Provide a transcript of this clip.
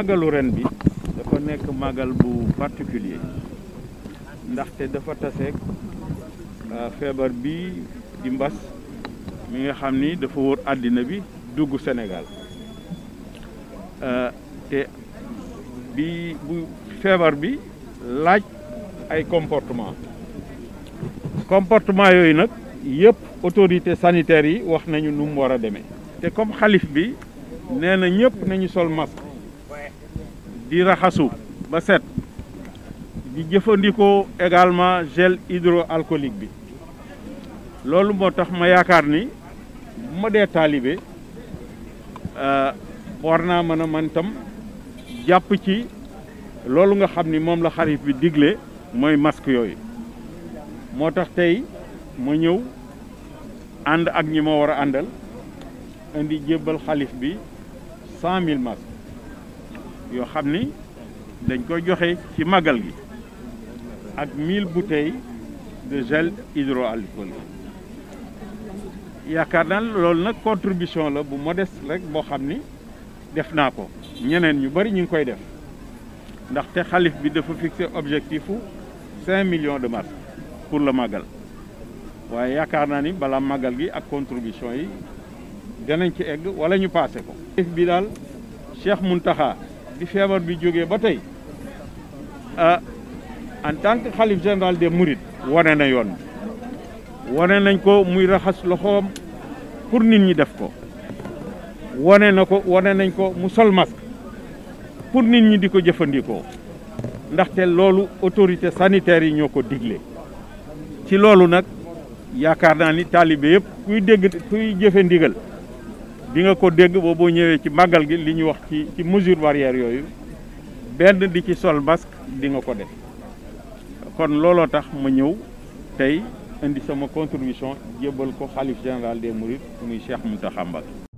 magalu ren bi dafa nekk màggal bu particulier ndaxte dafa taseeg euh, feebar bi di mbas mi nga xam ni dafa wër àddina bi dugg senegal euh, te bi bu feebar bi laaj ay comportement comportement yooyu nag yëpp autorité sanitaire yi wax nañu nu mu war a demee te comme xalif bi nee na nañu sol masque di raxasu ba set di jëfandikoo également gel hydroalcoolique bi loolu moo tax ma yaakaar ni bu ma dee taalibe euh, war naa mën a man tam jàpp ci loolu nga xam ni moom la xarit bi digle mooy masque yooyu moo tax tey ma ñëw ànd ak ñi ma war a àndal indi jébbal xalif bi cent mille yoo xam ni dañ koy joxe ci màggal gi ak 1000 bouteilles de gel hydroalcoolique yaakaar naa loolu nag contribution la bu modeste rek boo xam ni def naa ko ñeneen ñu bari ñu ngi koy def ndaxte xalif bi dafa fixé objectifu 5 millions de masques pour le màggal waaye yaakaar naa ni balaa màggal gi ak contribution yi danañ ci egg wala ñu passé ko. xalif bi daal Cheikh taxa di feebar bi jógee ba tey ah en tant que xalif général de Mourides wane na yoon wane nañ ko muy raxas loxoom pour nit ñi def ko wane na ko wane nañ ko mu sol masque pour nit ñi di ko jëfandikoo ndaxte loolu autorité sanitaire yi ñoo ko digle ci loolu nag yaakaar naa ni taalibe yëpp kuy dégg kuy di nga ko dégg boo boo ñëwee ci màggal gi li ñu wax ci ci mesure barrière yooyu benn di ci sol masque di nga ko de kon looloo tax ma ñëw tey indi sama contribution jébbal ko xalif général des mourides muy Cheikh Mountakha Mbacké